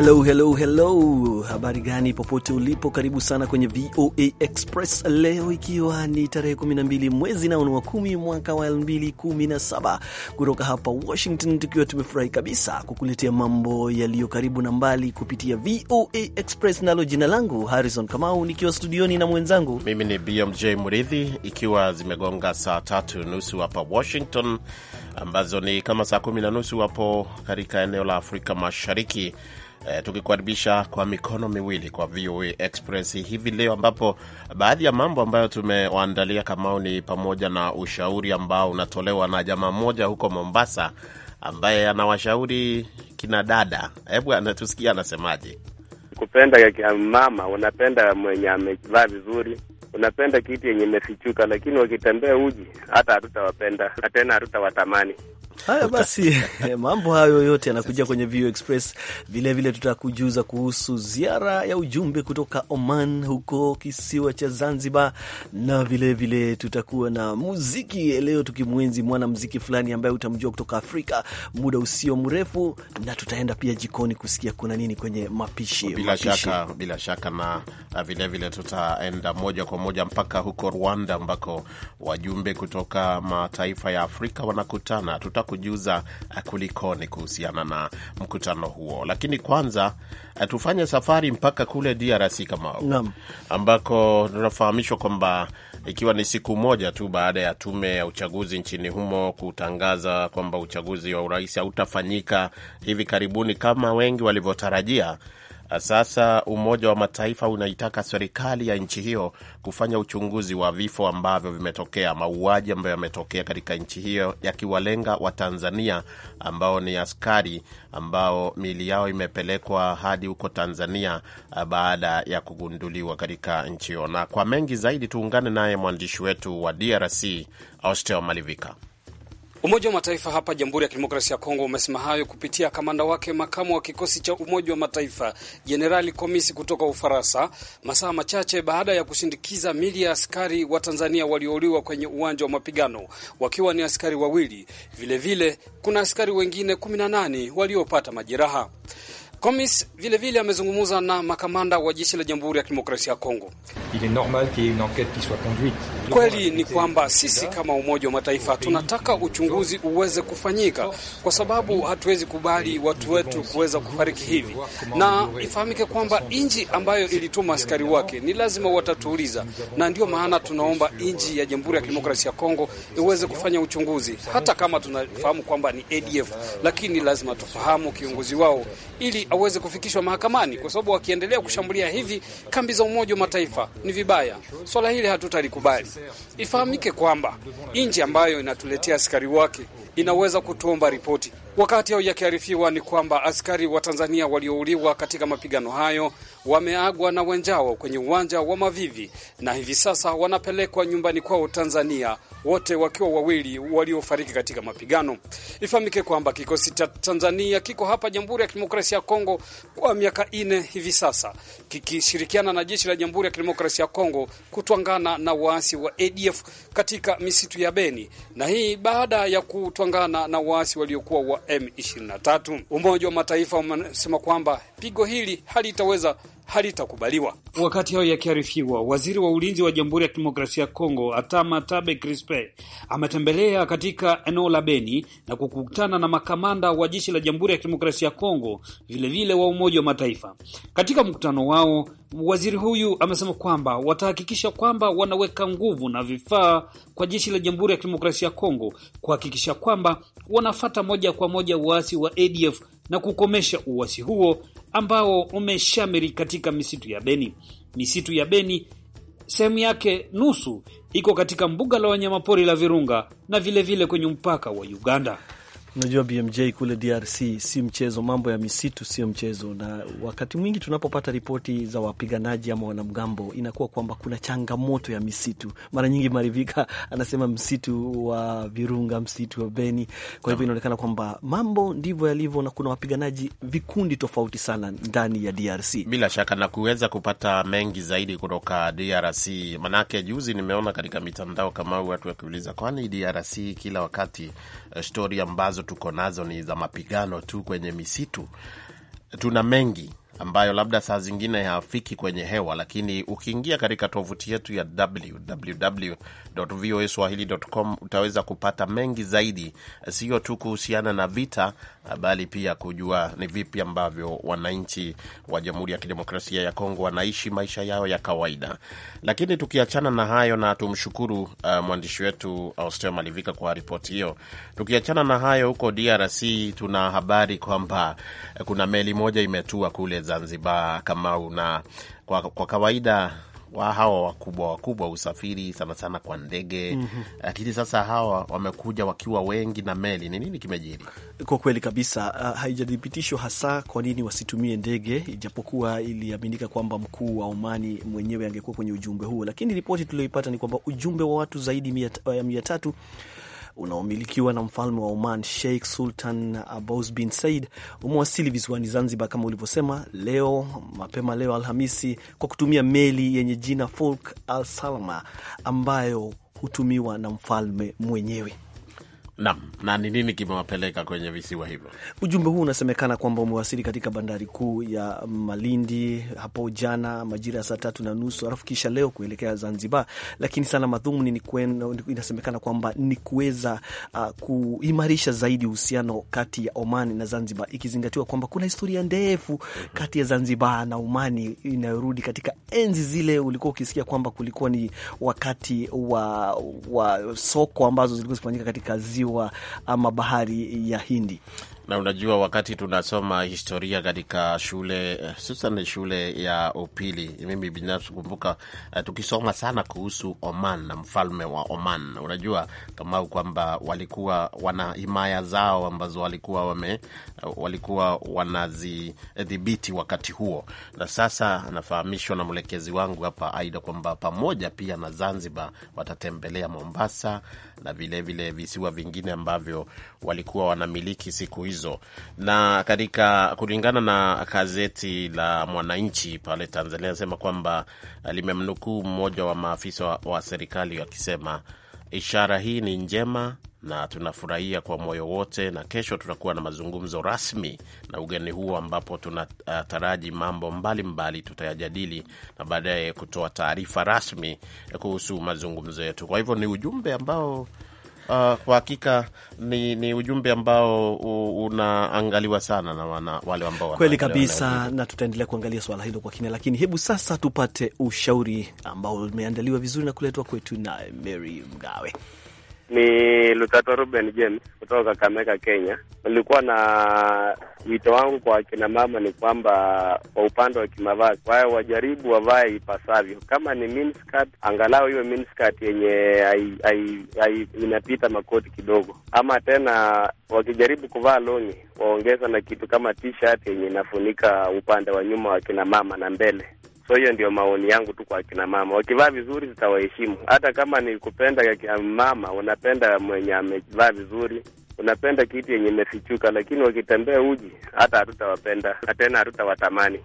Hello, hello, hello, habari gani popote ulipo? Karibu sana kwenye VOA Express leo, ikiwa ni tarehe 12 mwezi nao ni wa kumi mwaka wa 2017 kutoka hapa Washington, tukiwa tumefurahi kabisa kukuletea mambo yaliyo karibu na mbali kupitia VOA Express, nalo jina langu Harrison Kamau, nikiwa studioni na mwenzangu mimi ni BMJ Murithi, ikiwa zimegonga saa tatu nusu hapa Washington, ambazo ni kama saa kumi na nusu hapo katika eneo la Afrika Mashariki eh, tukikaribisha kwa mikono miwili kwa VOA Express hivi leo, ambapo baadhi ya mambo ambayo tumewaandalia Kamau ni pamoja na ushauri ambao unatolewa na jamaa mmoja huko Mombasa ambaye anawashauri kina dada. Hebu anatusikia anasemaje. Kupenda mama, unapenda mwenye amevaa vizuri, unapenda kitu yenye imefichuka, lakini wakitembea uji hata hatutawapenda na tena hatutawatamani. Haya basi, eh, mambo hayo yote yanakuja kwenye View Express. Vilevile tutakujuza kuhusu ziara ya ujumbe kutoka Oman huko kisiwa cha Zanzibar, na vilevile tutakuwa na muziki leo, tukimwenzi mwanamuziki fulani ambaye utamjua kutoka Afrika muda usio mrefu, na tutaenda pia jikoni kusikia kuna nini kwenye mapishi bila mapishi. Shaka, bila shaka na vilevile vile tutaenda moja kwa moja mpaka huko Rwanda ambako wajumbe kutoka mataifa ya Afrika wanakutana kutujuza eh, kulikoni kuhusiana na mkutano huo, lakini kwanza eh, tufanye safari mpaka kule DRC kama ambako tunafahamishwa kwamba ikiwa ni siku moja tu baada ya tume ya uchaguzi nchini humo kutangaza kwamba uchaguzi wa urais hautafanyika hivi karibuni kama wengi walivyotarajia, sasa Umoja wa Mataifa unaitaka serikali ya nchi hiyo kufanya uchunguzi wa vifo ambavyo vimetokea, mauaji ambayo yametokea katika nchi hiyo yakiwalenga Watanzania ambao ni askari ambao miili yao imepelekwa hadi huko Tanzania eh, baada ya kugunduliwa katika nchi hiyo. Na kwa mengi zaidi, tuungane naye mwandishi wetu wa DRC Austel Malivika. Umoja wa Mataifa hapa Jamhuri ya Kidemokrasia ya Kongo umesema hayo kupitia kamanda wake makamu wa kikosi cha Umoja wa Mataifa Jenerali Komisi kutoka Ufaransa, masaa machache baada ya kushindikiza mili ya askari wa Tanzania waliouliwa kwenye uwanja wa mapigano, wakiwa ni askari wawili. Vilevile vile, kuna askari wengine 18 waliopata majeraha. Komis vile vile amezungumza na makamanda wa jeshi la Jamhuri ya Kidemokrasia ya Kongo. Kweli ni kwamba sisi kama Umoja wa Mataifa tunataka uchunguzi uweze kufanyika, kwa sababu hatuwezi kubali watu wetu kuweza kufariki hivi, na ifahamike kwamba nchi ambayo ilituma askari wake ni lazima watatuuliza, na ndio maana tunaomba nchi ya Jamhuri ya Kidemokrasia ya Kongo iweze kufanya uchunguzi, hata kama tunafahamu kwamba ni ADF, lakini lazima tufahamu kiongozi wao ili aweze kufikishwa mahakamani, kwa sababu wakiendelea kushambulia hivi kambi za Umoja wa Mataifa ni vibaya. Swala hili hatutalikubali. Ifahamike kwamba nchi ambayo inatuletea askari wake inaweza kutuomba ripoti. Wakati au yakiharifiwa, ni kwamba askari wa Tanzania waliouliwa katika mapigano hayo wameagwa na wenzao kwenye uwanja wa Mavivi na hivi sasa wanapelekwa nyumbani kwao Tanzania, wote wakiwa wawili waliofariki katika mapigano. Ifahamike kwamba kikosi cha Tanzania kiko hapa Jamhuri ya Kidemokrasia ya Kongo kwa miaka nne hivi sasa kikishirikiana na jeshi la Jamhuri ya Kidemokrasia ya Kongo kutwangana na waasi wa ADF katika misitu ya Beni, na hii baada ya kutwangana na waasi waliokuwa wa M23. Umoja wa Mataifa umesema kwamba pigo hili halitaweza halitakubaliwa. Wakati hayo yakiarifiwa, waziri wa ulinzi wa Jamhuri ya Kidemokrasia ya Kongo Atama Tabe Crispe ametembelea katika eneo la Beni na kukutana na makamanda wa jeshi la Jamhuri ya Kidemokrasia ya Kongo, vilevile wa Umoja wa Mataifa. Katika mkutano wao, waziri huyu amesema kwamba watahakikisha kwamba wanaweka nguvu na vifaa kwa jeshi la Jamhuri ya Kidemokrasia ya Kongo kuhakikisha kwamba wanafata moja kwa moja uasi wa ADF na kukomesha uasi huo ambao umeshamiri katika misitu ya Beni. Misitu ya Beni sehemu yake nusu iko katika mbuga la wanyamapori la Virunga na vilevile vile kwenye mpaka wa Uganda. Unajua BMJ kule DRC si mchezo, mambo ya misitu sio mchezo, na wakati mwingi tunapopata ripoti za wapiganaji ama wanamgambo inakuwa kwamba kuna changamoto ya misitu. Mara nyingi Marivika anasema msitu wa Virunga, msitu wa Beni. Kwa hivyo inaonekana kwamba mambo ndivyo yalivyo, na kuna wapiganaji vikundi tofauti sana ndani ya DRC, bila shaka na kuweza kupata mengi zaidi kutoka DRC. Manake juzi nimeona katika mitandao kama watu wakiuliza, kwani DRC kila wakati Eh, stori ambazo tuko nazo ni za mapigano tu kwenye misitu. Tuna mengi ambayo labda saa zingine hafiki kwenye hewa, lakini ukiingia katika tovuti yetu ya www.voaswahili.com utaweza kupata mengi zaidi, sio tu kuhusiana na vita, bali pia kujua ni vipi ambavyo wananchi wa Jamhuri ya Kidemokrasia ya Kongo wanaishi maisha yao ya kawaida. Lakini tukiachana na hayo na tumshukuru uh, mwandishi wetu Austel Malivika kwa ripoti hiyo. Tukiachana na hayo, huko DRC tuna habari kwamba kuna meli moja imetua kule Zanzibar, kama una kwa, kwa kawaida wa hawa wakubwa wakubwa usafiri sana sana kwa ndege mm -hmm. Lakini sasa hawa wamekuja wakiwa wengi na meli. Ni nini kimejiri? Kwa kweli kabisa, uh, ah, haijathibitishwa hasa kwa nini wasitumie ndege, ijapokuwa iliaminika kwamba mkuu wa Omani mwenyewe angekuwa kwenye ujumbe huo, lakini ripoti tulioipata ni kwamba ujumbe wa watu zaidi ya eh, mia tatu uh, unaomilikiwa na mfalme wa Oman Sheikh Sultan Abous bin Said umewasili visiwani Zanzibar kama ulivyosema, leo mapema leo Alhamisi, kwa kutumia meli yenye jina Folk Al Salama ambayo hutumiwa na mfalme mwenyewe. Naam, na ni nini kimewapeleka kwenye visiwa hivyo? Ujumbe huu unasemekana kwamba umewasili katika bandari kuu ya Malindi hapo jana majira ya saa tatu na nusu alafu kisha leo kuelekea Zanzibar, lakini sana madhumuni ni inasemekana kwamba ni kuweza uh, kuimarisha zaidi uhusiano kati ya Oman na Zanzibar, ikizingatiwa kwamba kuna historia ndefu kati ya Zanzibar na Omani inayorudi katika enzi zile ulikuwa ukisikia kwamba kulikuwa ni wakati wa, wa soko ambazo zilikuwa zikifanyika katika ziwa ziwa ama bahari ya Hindi. Na unajua wakati tunasoma historia katika shule eh, hususan shule ya upili, mimi binafsi kumbuka uh, tukisoma sana kuhusu Oman na mfalme wa Oman. Unajua kamau kwamba walikuwa wana himaya zao ambazo walikuwa wame uh, walikuwa wanazidhibiti wakati huo, na sasa anafahamishwa na mwelekezi wangu hapa Aida kwamba pamoja pia na Zanzibar watatembelea Mombasa na vilevile vile visiwa vingine ambavyo walikuwa wanamiliki siku hizo hizo. Na katika kulingana na gazeti la Mwananchi pale Tanzania, anasema kwamba eh, limemnukuu mmoja wa maafisa wa, wa serikali akisema ishara hii ni njema na tunafurahia kwa moyo wote, na kesho tutakuwa na mazungumzo rasmi na ugeni huo, ambapo tunataraji mambo mbalimbali tutayajadili na baadaye kutoa taarifa rasmi kuhusu mazungumzo yetu. Kwa hivyo ni ujumbe ambao Ah, kwa hakika ni, ni ujumbe ambao unaangaliwa sana na wana, wale ambao kweli kabisa, na tutaendelea kuangalia swala hilo kwa kina, lakini hebu sasa tupate ushauri ambao umeandaliwa vizuri na kuletwa kwetu na Mary Mgawe. Ni Lutato Ruben James kutoka Kakamega, Kenya. Nilikuwa na wito wangu kwa akina mama ni kwamba kwa upande wa kimavazi, wao wajaribu wavae ipasavyo. Kama ni miniskirt, angalau iwe miniskirt yenye ai, ai, ai, inapita makoti kidogo, ama tena wakijaribu kuvaa longi waongeza na kitu kama t-shirt yenye inafunika upande wa nyuma wa kina mama na mbele. So hiyo ndio maoni yangu tu kwa akina mama, wakivaa vizuri zitawaheshimu. Hata kama ni kupenda um, mama, unapenda mwenye amevaa vizuri, unapenda kitu yenye imefichuka, lakini wakitembea uji, hata hatutawapenda na tena, hatutawatamani.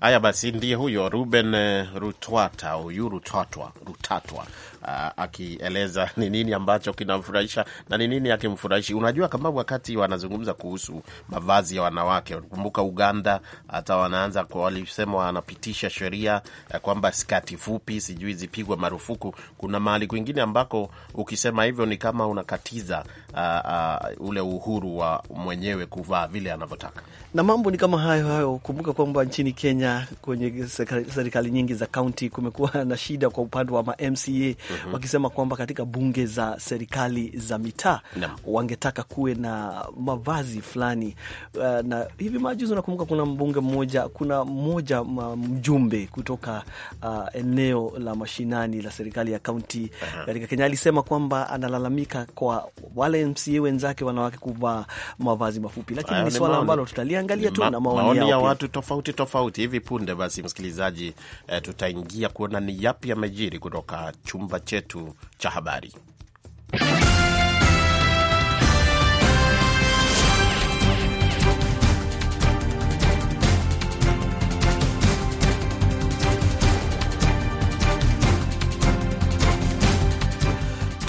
Haya basi, ndiye huyo Ruben eh, Rutwata, huyu Rutatwa, Rutatwa Uh, akieleza ni nini ambacho kinamfurahisha na ni nini akimfurahishi. Unajua, kama wakati wanazungumza kuhusu mavazi ya wanawake, kumbuka Uganda hata wanaanza kwa, walisema wanapitisha sheria kwamba skati fupi sijui zipigwe marufuku. Kuna mahali kwingine ambako ukisema hivyo ni kama unakatiza uh, uh, ule uhuru wa mwenyewe kuvaa vile anavyotaka, na mambo ni kama hayo hayo. Kumbuka kwamba nchini Kenya kwenye serikali nyingi za kaunti kumekuwa na shida kwa upande wa ma MCA -hmm. wakisema kwamba katika bunge za serikali za mitaa wangetaka kuwe na mavazi fulani uh, na hivi majuzi unakumbuka kuna mbunge mmoja, kuna mmoja mjumbe kutoka uh, eneo la mashinani la serikali ya kaunti katika Kenya alisema kwamba analalamika kwa wale MCA wenzake wanawake kuvaa mavazi mafupi, lakini ni swala ambalo tutaliangalia tu na maoni ya watu tofauti tofauti hivi punde. Basi msikilizaji, eh, tutaingia kuona ni yapi yamejiri kutoka chumba chetu cha habari.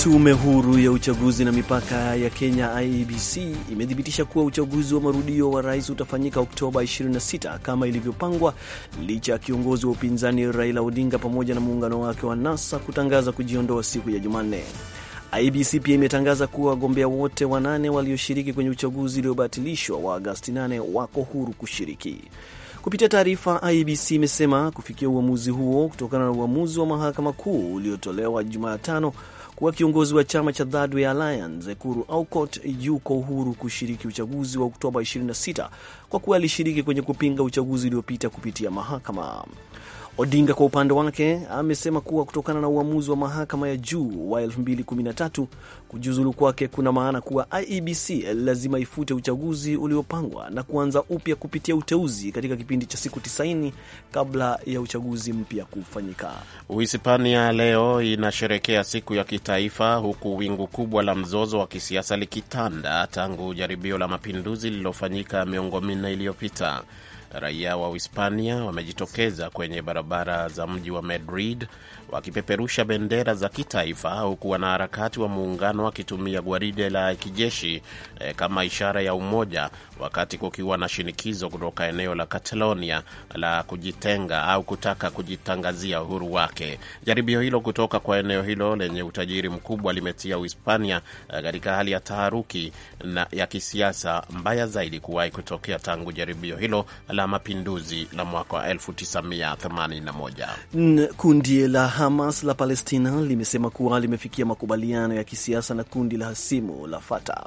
Tume huru ya uchaguzi na mipaka ya Kenya IEBC imethibitisha kuwa uchaguzi wa marudio wa rais utafanyika Oktoba 26 kama ilivyopangwa, licha ya kiongozi wa upinzani Raila Odinga pamoja na muungano wake wa NASA kutangaza kujiondoa siku ya Jumanne. IEBC pia imetangaza kuwa wagombea wote wanane walioshiriki kwenye uchaguzi uliobatilishwa wa Agasti 8 wako huru kushiriki. Kupitia taarifa, IEBC imesema kufikia uamuzi huo kutokana na uamuzi wa mahakama kuu uliotolewa Jumatano kuwa kiongozi wa chama cha Thirdway Alliance. Ekuru Aukot yuko huru kushiriki uchaguzi wa Oktoba 26 kwa kuwa alishiriki kwenye kupinga uchaguzi uliopita kupitia mahakama. Odinga kwa upande wake amesema kuwa kutokana na uamuzi wa mahakama ya juu wa 2013 kujiuzulu kwake kuna maana kuwa IEBC lazima ifute uchaguzi uliopangwa na kuanza upya kupitia uteuzi katika kipindi cha siku 90 kabla ya uchaguzi mpya kufanyika. Uhispania leo inasherekea siku ya kitaifa huku wingu kubwa la mzozo wa kisiasa likitanda tangu jaribio la mapinduzi lililofanyika miongo minne iliyopita raia wa Uhispania wamejitokeza kwenye barabara za mji wa Madrid wakipeperusha bendera za kitaifa, huku wanaharakati wa muungano wakitumia gwaride la kijeshi e, kama ishara ya umoja, wakati kukiwa na shinikizo kutoka eneo la Catalonia la kujitenga au kutaka kujitangazia uhuru wake. Jaribio hilo kutoka kwa eneo hilo lenye utajiri mkubwa limetia Uhispania eh, katika hali ya taharuki na ya kisiasa mbaya zaidi kuwahi kutokea tangu jaribio hilo la mapinduzi la mwaka wa 1981. Kundi la Hamas la Palestina limesema kuwa limefikia makubaliano ya kisiasa na kundi la hasimu la Fatah.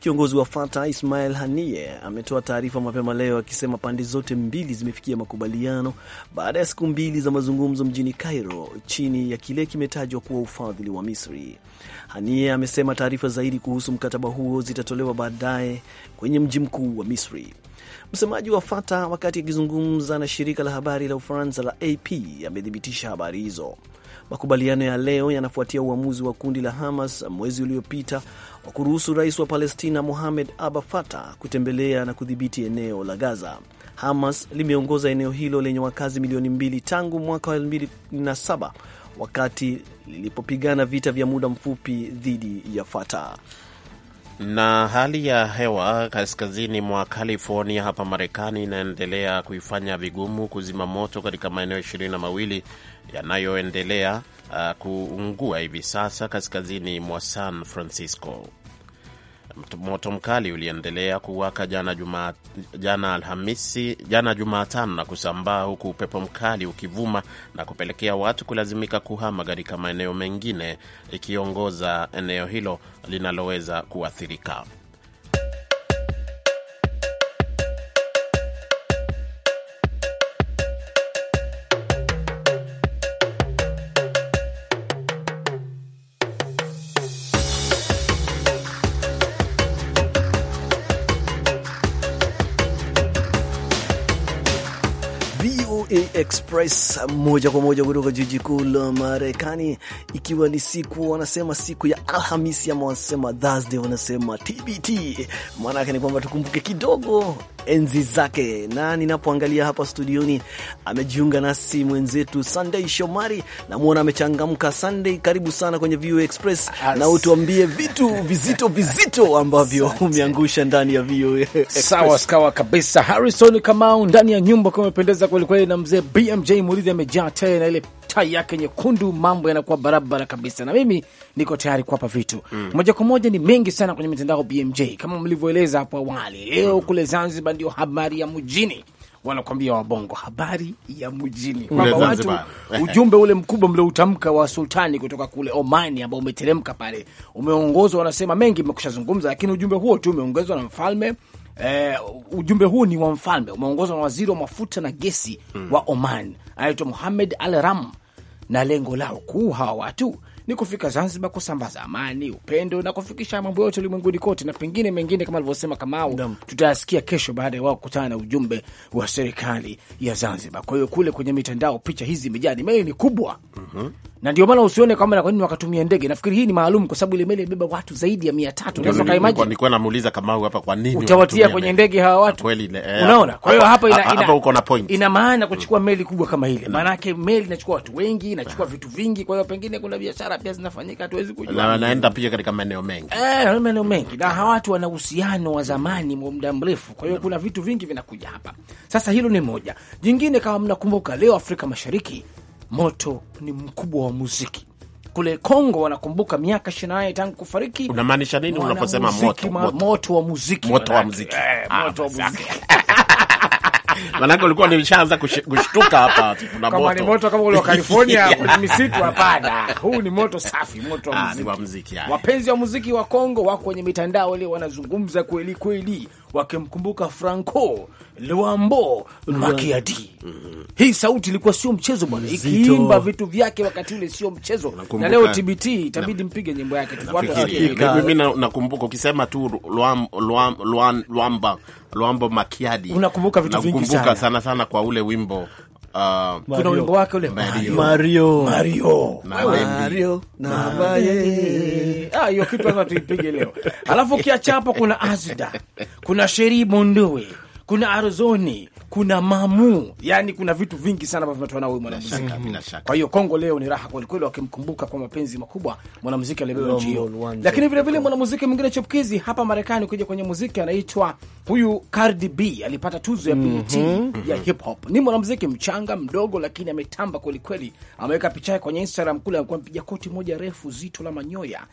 Kiongozi wa Fatah Ismail hanie ametoa taarifa mapema leo akisema pande zote mbili zimefikia makubaliano baada ya siku mbili za mazungumzo mjini Cairo chini ya kile kimetajwa kuwa ufadhili wa Misri hanie amesema taarifa zaidi kuhusu mkataba huo zitatolewa baadaye kwenye mji mkuu wa Misri. Msemaji wa Fata wakati akizungumza na shirika la habari la Ufaransa la AP amethibitisha habari hizo. Makubaliano ya leo yanafuatia uamuzi wa kundi la Hamas mwezi uliopita wa kuruhusu rais wa Palestina Mohamed aba Fata kutembelea na kudhibiti eneo la Gaza. Hamas limeongoza eneo hilo lenye wakazi milioni mbili tangu mwaka wa 2007 wakati lilipopigana vita vya muda mfupi dhidi ya Fatah. Na hali ya hewa kaskazini mwa California hapa Marekani inaendelea kuifanya vigumu kuzima moto katika maeneo ishirini na mawili yanayoendelea uh, kuungua hivi sasa kaskazini mwa San Francisco. Moto mkali uliendelea kuwaka jana juma, jana Alhamisi, jana Jumatano na kusambaa huku upepo mkali ukivuma na kupelekea watu kulazimika kuhama katika maeneo mengine, ikiongoza eneo hilo linaloweza kuathirika. Express moja kwa moja kutoka jiji kuu la Marekani, ikiwa ni siku wanasema siku ya Alhamisi ama wanasema Thursday, wanasema TBT. Maana yake ni kwamba tukumbuke kidogo enzi zake. Na ninapoangalia hapa studioni, amejiunga nasi mwenzetu Sunday Shomari, namwona amechangamka. Sunday, karibu sana kwenye VOA Express As... na utuambie vitu vizito vizito ambavyo umeangusha ndani ya VOA Sawa sawa kabisa, Harrison Kamau, ndani ya nyumba kumependeza kwelikweli, na mzee BMJ Muridhi amejaa tele na ile tai yake nyekundu, mambo yanakuwa barabara kabisa, na mimi niko tayari kuwapa vitu mm. moja kwa moja. Ni mengi sana kwenye mitandao BMJ, kama mlivyoeleza hapo awali. Leo mm. kule Zanzibar ndio habari ya mjini wanakwambia wabongo habari ya mjini kwamba watu ujumbe ule mkubwa mlioutamka wa sultani kutoka kule Omani ambao umeteremka pale umeongozwa, wanasema mengi mekushazungumza, lakini ujumbe huo tu umeongezwa na mfalme Eh, ujumbe huu ni wa mfalme umeongozwa na waziri wa mafuta na gesi hmm, wa Oman anaitwa Muhamed Al Ram, na lengo lao kuu hawa watu ni kufika Zanzibar kusambaza amani, upendo na kufikisha mambo yote ulimwenguni kote, na pengine mengine kama alivyosema Kamau, tutayasikia kesho baada ya wao kukutana na ujumbe wa serikali ya Zanzibar. Kwa hiyo kule kwenye mitandao picha hizi imejaa, ni meli ni kubwa mm -hmm na ndio maana usione kwamba kwa nini wakatumia ndege. Nafikiri hii ni maalum kwa sababu ile meli imebeba watu zaidi ya mia tatu. Unaweza kaimagine, nilikuwa namuuliza kama hapa, kwa nini utawatia kwenye ndege hawa watu? Ah, eh, Unaona, kwa hiyo hapa ina, ina, uko na point, ina maana kuchukua mm. meli kubwa kama ile, mm. maana yake meli inachukua watu wengi, inachukua vitu vingi. Kwa hiyo pengine kuna biashara pia zinafanyika, hatuwezi kujua, na naenda pia katika maeneo mengi, eh, maeneo mengi, na hawa watu wana uhusiano wa zamani wa muda mrefu. Kwa hiyo mm. kuna vitu vingi vinakuja hapa. Sasa hilo ni moja jingine, kama mnakumbuka, leo Afrika Mashariki moto ni mkubwa wa muziki kule Kongo wanakumbuka miaka ishirini na nane tangu kufariki. Unamaanisha nini unaposema moto? Moto wa muziki, moto wa muziki, eh, ah, moto wa muziki. Manake ulikuwa nimeshaanza kushtuka hapa, kuna moto. Kama ni moto kama ule wa California kwenye misitu? Hapana, huu ni moto safi, moto wa ah, muziki. Wapenzi wa muziki wa Kongo wako kwenye mitandao leo, wanazungumza kweli kweli, wakimkumbuka Franco Luambo Makiadi. Mm. Hii sauti ilikuwa sio mchezo bwana, ikiimba vitu vyake wakati ule sio mchezo na leo TBT itabidi mpige nyimbo yake tu Mimi nakumbuka ukisema tu Luambo Makiadi unakumbuka vitu vingi sana, sana sana kwa ule wimbo Uh, kuna wimbo wake ule Mario, Mario, Mario, na baye. Ah, hiyo kitu hata tuipige leo. Alafu ukiacha hapo kuna Azda, kuna Sheri Mondowe, kuna Arizoni kuna mamu, yani kuna vitu vingi sana ambavyo vinatoa nao mwanamuziki. Kwa hiyo Kongo leo ni raha kwelikweli, wakimkumbuka kwa mapenzi makubwa mwanamuziki alibeba nchi hiyo. Lakini vilevile mwanamuziki mwingine chipkizi hapa Marekani, ukija kwenye muziki, anaitwa huyu Cardi B, alipata tuzo ya mhm. BET mm -hmm. ya hip hop. Ni mwanamuziki mchanga mdogo, lakini ametamba kwelikweli, ameweka picha yake kwenye Instagram kule, alikuwa mpiga koti moja refu zito la manyoya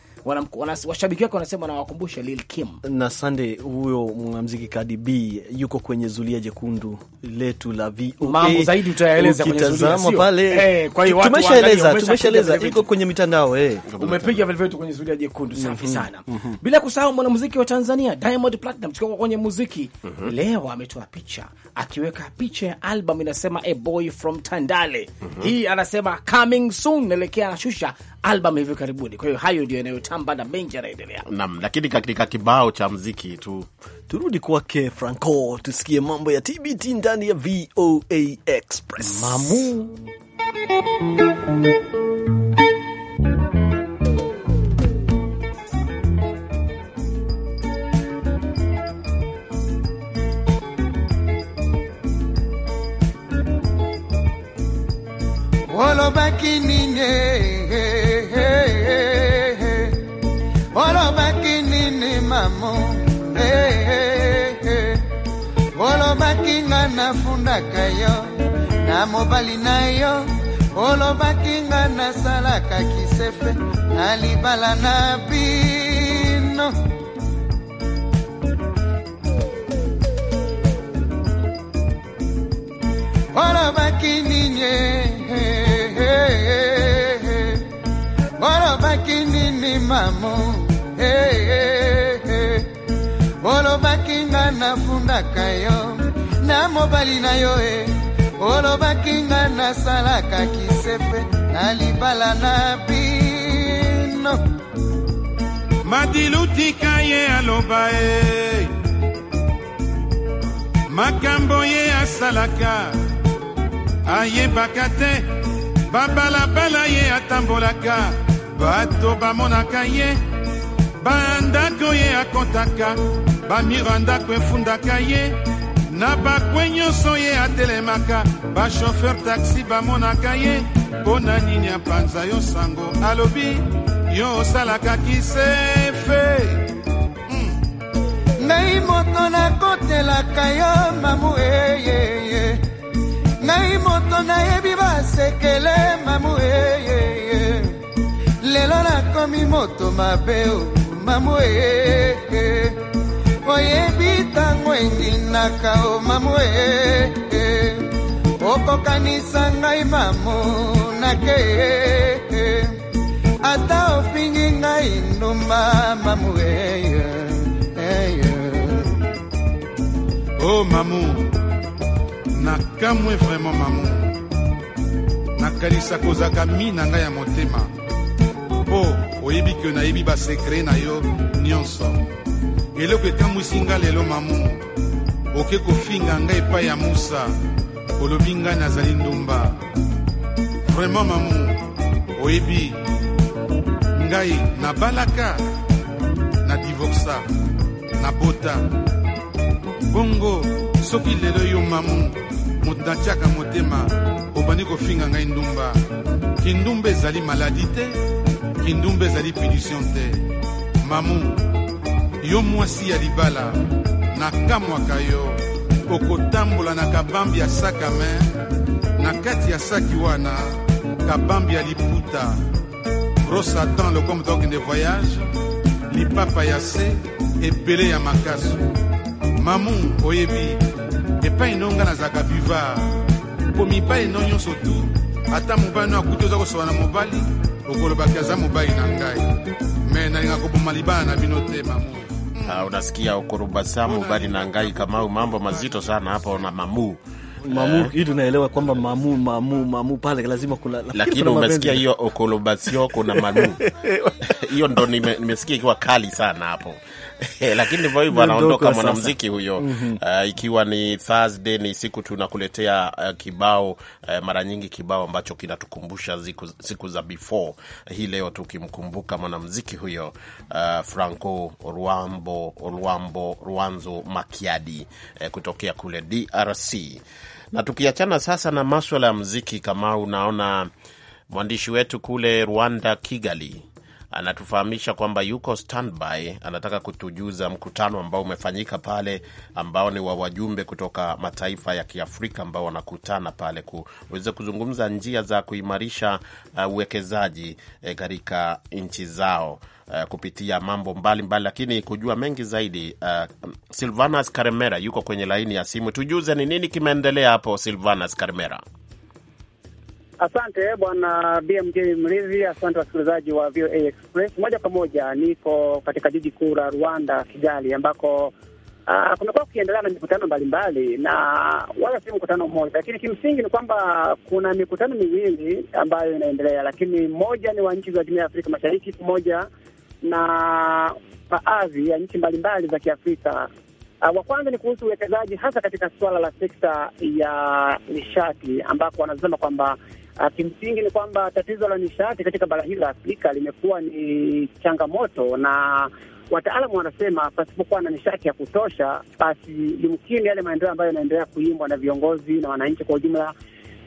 washabiki wake wanasema wanawakumbusha Lil Kim na Sande. Huyo mwanamuziki Cardi B yuko kwenye zulia jekundu letu la VOA. Mambo zaidi tutayaeleza kwenye zulia sio pale, eh, tumeshaeleza tumeshaeleza, iko kwenye mitandao eh, umepiga vile kwenye zulia jekundu. mm -hmm. Safi mhm, sana, mm -hmm. bila kusahau mwanamuziki wa Tanzania Diamond Platinum, tukiwa kwenye muziki mm -hmm. leo, ametoa picha akiweka picha ya album inasema A Boy from Tandale. mm -hmm. Hii anasema coming soon, naelekea anashusha album hivi karibuni. Kwa hiyo hayo ndio yanayotamba na mengi yanaendelea. Naam, lakini katika kibao cha mziki tu turudi kwake Franco, tusikie mambo ya TBT ndani ya VOA Express. Mamu walobaki hey. maman hey, hey, hey. olobaki nga nafundaka yo na mobali na yo olobaki nga nasalaka kisefe na libala na bino olobaki nini olobaki nini maman hey. olobaki nga nafundaka yo na mobali na yo e olobaki nga nasalaka kisepe na libala na bino madilutika ye aloba e makambo ye asalaka ayebaka te babalabala ye atambolaka bato bamonaka ye bandako ye akɔtaka bamira ndako efundaka ye na bakwe nyonso ye atelemaka bashofer taxi bamonaka ye mpo na nini apanza yo sango alobi yo osalaka kisefe hmm. ngai moto nakotelaka yo mamu eyeye ngai moto nayebi basekele mamu eyeye lelo nakomi moto mabe o mamu eyeye e. oyebi ntango enginaka o oh mamo e eh, okokanisa ngai mamo nake eh, ata ofingi ngai ndumba mamu eye eh, o oh, mamu nakamwe vraimen mamu nakanisa kozaka mi na ngai ya motema mpo oh, oyebi ke nayebi basekre na yo nyonso eloko etambwisi nga lelo mamu oke kofinga ngai epai ya musa olobi ngai nazali ndumba vraimen mamu oyebi ngai nabalaka na divorsa nabota bongo soki lelo yo mamu moto natiaka motema obandi kofinga ngai ndumba kindumba ezali maladi te kindumba ezali pidistion te mamu yo mwasi ya libala nakamwaka yo okotambola na kabambi ya sakame na kati ya saki wana kabambi ya liputa rosatan lokola moto akokende voyage lipapa ya se ebele ya makasu mamu oyebi epai no nga nazalaka bivard mpo mibali no nyonso tu ata mobali no akuti oza kosoba na mobali okolobaki aza mobali na ngai me nalingaka koboma libala na bino te mamu Uh, unasikia ukurubasamu bali na ngai Kamau, mambo mazito sana hapo na mamu mamu eh? hii tunaelewa kwamba mamu mamu mamu pale lazima kuna, lakini umesikia hiyo okolobasio kuna manu hiyo ndo nimesikia ikiwa kali sana hapo Eh, lakini ndivyo hivyo, anaondoka mwanamuziki huyo. mm -hmm. Uh, ikiwa ni Thursday, ni siku tunakuletea uh, kibao uh, mara nyingi kibao ambacho kinatukumbusha siku, siku za before. Hii leo tukimkumbuka mwanamuziki huyo uh, Franco Ruambo, Ruambo Ruanzo Makiadi uh, kutokea kule DRC. Na tukiachana sasa na maswala ya muziki, kama unaona mwandishi wetu kule Rwanda, Kigali, anatufahamisha kwamba yuko standby, anataka kutujuza mkutano ambao umefanyika pale, ambao ni wa wajumbe kutoka mataifa ya Kiafrika ambao wanakutana pale kuweze kuzungumza njia za kuimarisha uh, uwekezaji eh, katika nchi zao Uh, kupitia mambo mbalimbali mbali, lakini kujua mengi zaidi uh, Silvanas Karemera yuko kwenye laini ya simu. Tujuze ni nini kimeendelea hapo, Silvanas Karemera. Asante bwana BMJ Mrizi, asante wasikilizaji wa VOA Express. Moja kwa moja niko katika jiji kuu la Rwanda, Kigali, ambako uh, kumekuwa kukiendelea na mikutano mbalimbali na wala si mkutano mmoja, lakini kimsingi ni kwamba kuna mikutano miwili ambayo inaendelea, lakini mmoja ni wa nchi za jumuiya ya Afrika Mashariki pamoja na baadhi ya nchi mbalimbali za Kiafrika. Uh, wa kwanza ni kuhusu uwekezaji hasa katika suala la sekta ya nishati, ambako wanasema kwamba Ah, kimsingi ni kwamba tatizo la nishati katika bara hili la Afrika limekuwa ni changamoto, na wataalamu wanasema pasipokuwa na nishati ya kutosha, basi yumkini yale maendeleo ambayo yanaendelea kuimbwa na viongozi na wananchi kwa ujumla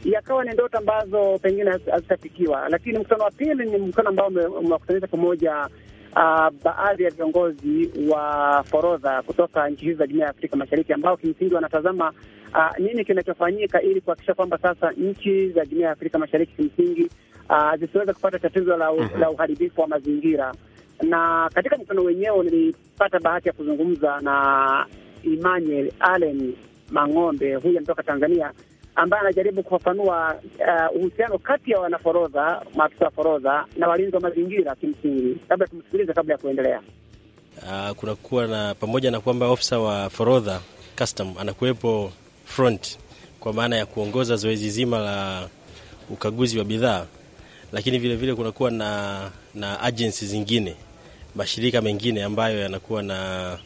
yakawa ni ndoto ambazo pengine hazitafikiwa. Lakini mkutano wa pili ni mkutano ambao umewakutanisha pamoja Uh, baadhi ya viongozi wa forodha kutoka nchi hizi za Jumuiya ya Afrika Mashariki ambao kimsingi wanatazama uh, nini kinachofanyika ili kuhakikisha kwamba sasa nchi za Jumuiya ya Afrika Mashariki kimsingi uh, ah, zisiweze kupata tatizo la, uh, la uharibifu wa mazingira. Na katika mkutano wenyewe nilipata bahati ya kuzungumza na Emmanuel Allen Mang'ombe, huyu anatoka Tanzania, ambaye anajaribu kufafanua ah, uhusiano kati ya wanaforodha, maafisa wa forodha na walinzi wa mazingira kimsingi. Labda tumsikilize kabla ya kuendelea. Uh, kunakuwa na pamoja na kwamba ofisa wa forodha custom anakuwepo front kwa maana ya kuongoza zoezi zima la ukaguzi wa bidhaa, lakini vilevile kunakuwa na, na agency zingine, mashirika mengine ambayo yanakuwa na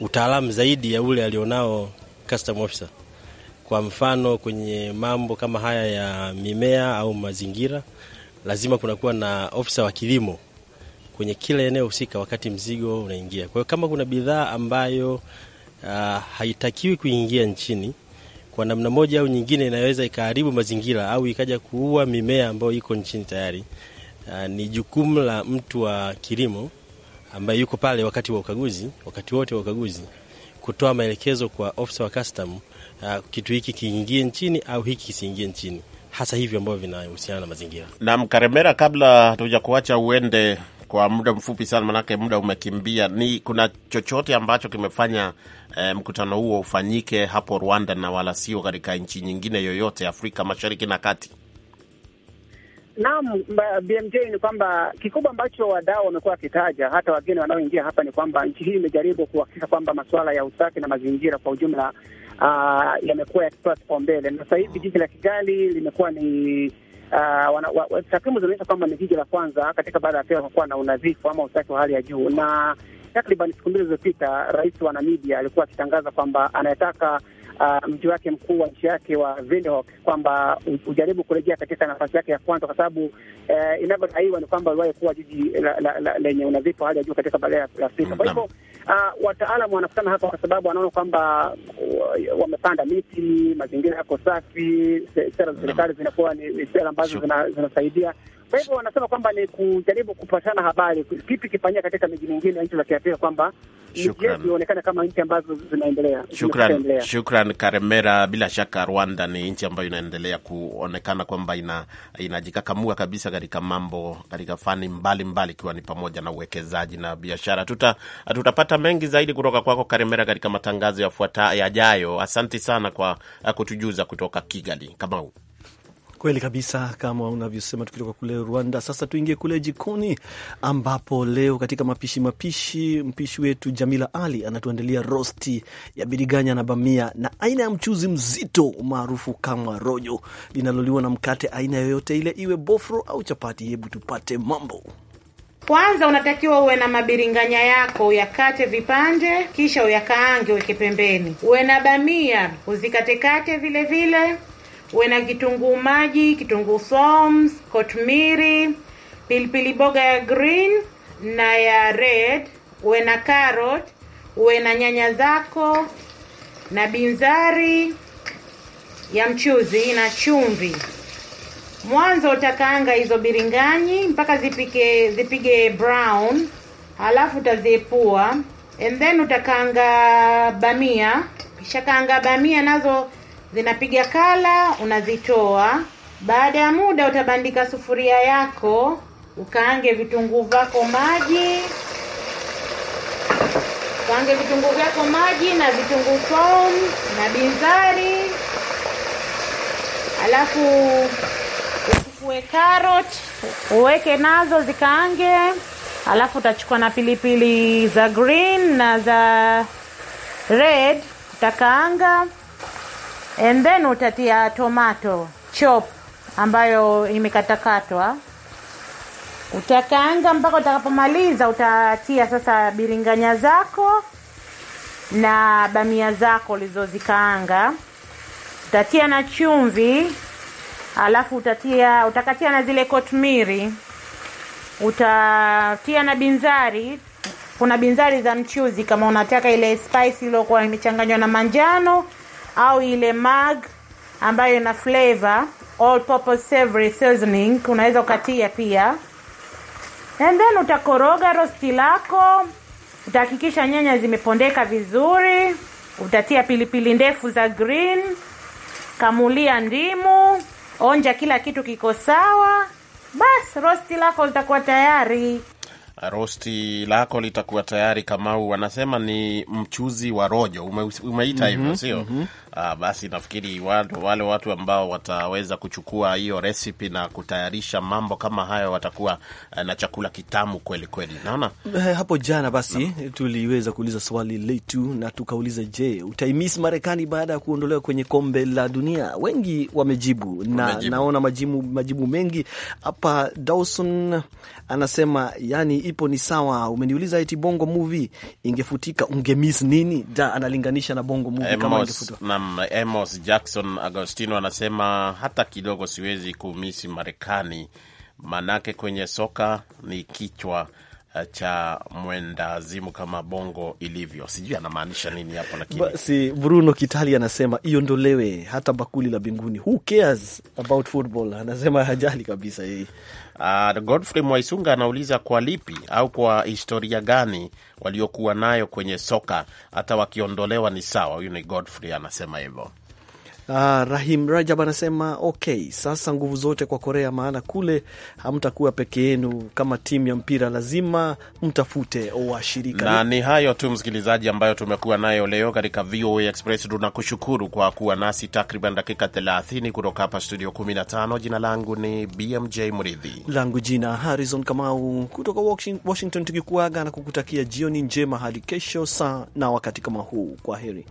utaalamu zaidi ya ule alionao custom officer. Kwa mfano kwenye mambo kama haya ya mimea au mazingira, lazima kunakuwa na ofisa wa kilimo kwenye kila eneo husika wakati mzigo unaingia. Kwa hiyo kama kuna bidhaa ambayo uh, haitakiwi kuingia nchini kwa namna moja au nyingine inaweza ikaharibu mazingira au ikaja kuua mimea ambayo iko nchini tayari. Uh, ni jukumu la mtu wa kilimo ambaye yuko pale wakati wa ukaguzi, wakati wote wa ukaguzi kutoa maelekezo kwa ofisa wa custom, uh, kitu hiki kiingie nchini au hiki kisiingie nchini, hasa hivyo ambavyo vinahusiana na mazingira. Na Karemera, kabla tuja kuacha uende kwa muda mfupi sana, manake muda umekimbia, ni kuna chochote ambacho kimefanya eh, mkutano huo ufanyike hapo Rwanda na wala sio katika nchi nyingine yoyote Afrika Mashariki na Kati? Naam, BMJ, ni kwamba kikubwa ambacho wadau wamekuwa wakitaja hata wageni wanaoingia hapa ni kwamba nchi hii imejaribu kuhakikisha kwamba masuala ya usafi na mazingira kwa ujumla uh, yamekuwa yakipewa kipaumbele, na sasa hivi jiji la Kigali limekuwa ni ah, takwimu zinaonyesha kwamba ni jiji la kwanza katika bara ya Afrika kwa kuwa na unadhifu ama usafi wa hali ya juu na takriban siku mbili zilizopita, rais wa Namibia alikuwa akitangaza kwamba anayetaka uh, mji wake mkuu wa nchi yake wa Windhoek kwamba ujaribu kurejea katika nafasi yake ya kwanza, kwa sababu uh, inavyodaiwa ni kwamba uliwahi kuwa jiji lenye unadhifu hali ya juu katika bara la Afrika. Kwa hivyo uh, wataalamu wanakutana hapa kwa sababu wanaona kwamba uh, wamepanda miti, mazingira yako safi, sera za serikali zinakuwa ni sera ambazo zinasaidia zina kwa hivyo wanasema kwamba ni kujaribu kupatana habari, kipi kifanyika katika miji mingine nchi za Kiafrika kwamba ionekane kama nchi ambazo zinaendelea. Shukran, shukran Karemera. Bila shaka Rwanda ni nchi ambayo inaendelea kuonekana kwamba ina inajikakamua kabisa katika mambo, katika fani mbalimbali, ikiwa mbali ni pamoja na uwekezaji na biashara. Tuta tutapata mengi zaidi kutoka kwako Karemera katika matangazo yafuatayo yajayo. Asante sana kwa kutujuza kutoka Kigali, Kamau. Kweli kabisa kama unavyosema, tukitoka kule Rwanda sasa tuingie kule jikoni, ambapo leo katika mapishi mapishi, mpishi wetu Jamila Ali anatuandalia rosti ya biriganya na bamia na aina ya mchuzi mzito maarufu kama rojo, linaloliwa na mkate aina yoyote ile, iwe bofro au chapati. Hebu tupate mambo. Kwanza unatakiwa uwe na mabiringanya yako, uyakate vipande, kisha uyakaange, uweke pembeni. Uwe na bamia, uzikatekate vile vile uwe na kitunguu maji, kitunguu saumu, kotmiri, pilipili boga ya green na ya red, uwe na carrot, uwe na nyanya zako na binzari ya mchuzi na chumvi. Mwanzo utakaanga hizo biringanyi mpaka zipike zipige brown, halafu utaziepua and then utakaanga bamia. Ukishakaanga bamia nazo zinapiga kala, unazitoa. Baada ya muda utabandika sufuria yako, ukaange vitunguu vyako maji, ukaange vitunguu vyako maji na vitunguu saumu na binzari, alafu uchukue karot uweke nazo zikaange, alafu utachukua na pilipili za green na za red utakaanga and then utatia tomato chop ambayo imekatakatwa utakaanga mpaka utakapomaliza. Utatia sasa biringanya zako na bamia zako ulizozikaanga, utatia na chumvi, alafu utatia utakatia na zile kotmiri, utatia na binzari. Kuna binzari za mchuzi kama unataka ile spice iliyokuwa imechanganywa na manjano au ile mag ambayo ina flavor all purpose savory seasoning unaweza ukatia pia and then utakoroga rosti lako utahakikisha nyanya zimepondeka vizuri utatia pilipili ndefu za green kamulia ndimu onja kila kitu kiko sawa basi rosti lako litakuwa tayari rosti lako litakuwa tayari. Kamau wanasema ni mchuzi wa rojo, umeita ume hivyo mm -hmm, sio mm -hmm. Ah, basi nafikiri wale, wale watu ambao wataweza kuchukua hiyo resipi na kutayarisha mambo kama hayo watakuwa eh, na chakula kitamu kweli kweli. Naona eh, hapo jana basi na, tuliweza kuuliza swali letu na tukauliza, je, utaimis Marekani baada ya kuondolewa kwenye kombe la dunia? Wengi wamejibu na wamejibu. Naona majibu, majibu mengi hapa. Dawson anasema yani ulipo ni sawa. Umeniuliza eti bongo movie ingefutika ungemis nini? Da, analinganisha na bongo movie kama ingefutwa. Naam, Amos Jackson Agostino anasema hata kidogo siwezi kumisi Marekani, manake kwenye soka ni kichwa eh, cha mwenda mwendazimu kama bongo ilivyo. Sijui anamaanisha nini hapo, lakini basi. Bruno Kitali anasema iondolewe hata bakuli la mbinguni, who cares about football? Anasema hajali kabisa yeye. Uh, Godfrey Mwaisunga anauliza kwa lipi au kwa historia gani waliokuwa nayo kwenye soka hata wakiondolewa ni sawa. Huyu ni Godfrey anasema hivyo. Ah, Rahim Rajab anasema ok sasa nguvu zote kwa Korea, maana kule hamtakuwa peke yenu kama timu ya mpira, lazima mtafute washirika. Na ni hayo tu msikilizaji, ambayo tumekuwa nayo leo katika VOA Express. Tunakushukuru kwa kuwa nasi takriban dakika 30 kutoka hapa studio 15. Jina langu ni BMJ Mridhi, langu jina Harrison Kamau kutoka Washington, tukikuaga na kukutakia jioni njema hadi kesho saa na wakati kama huu. Kwa heri.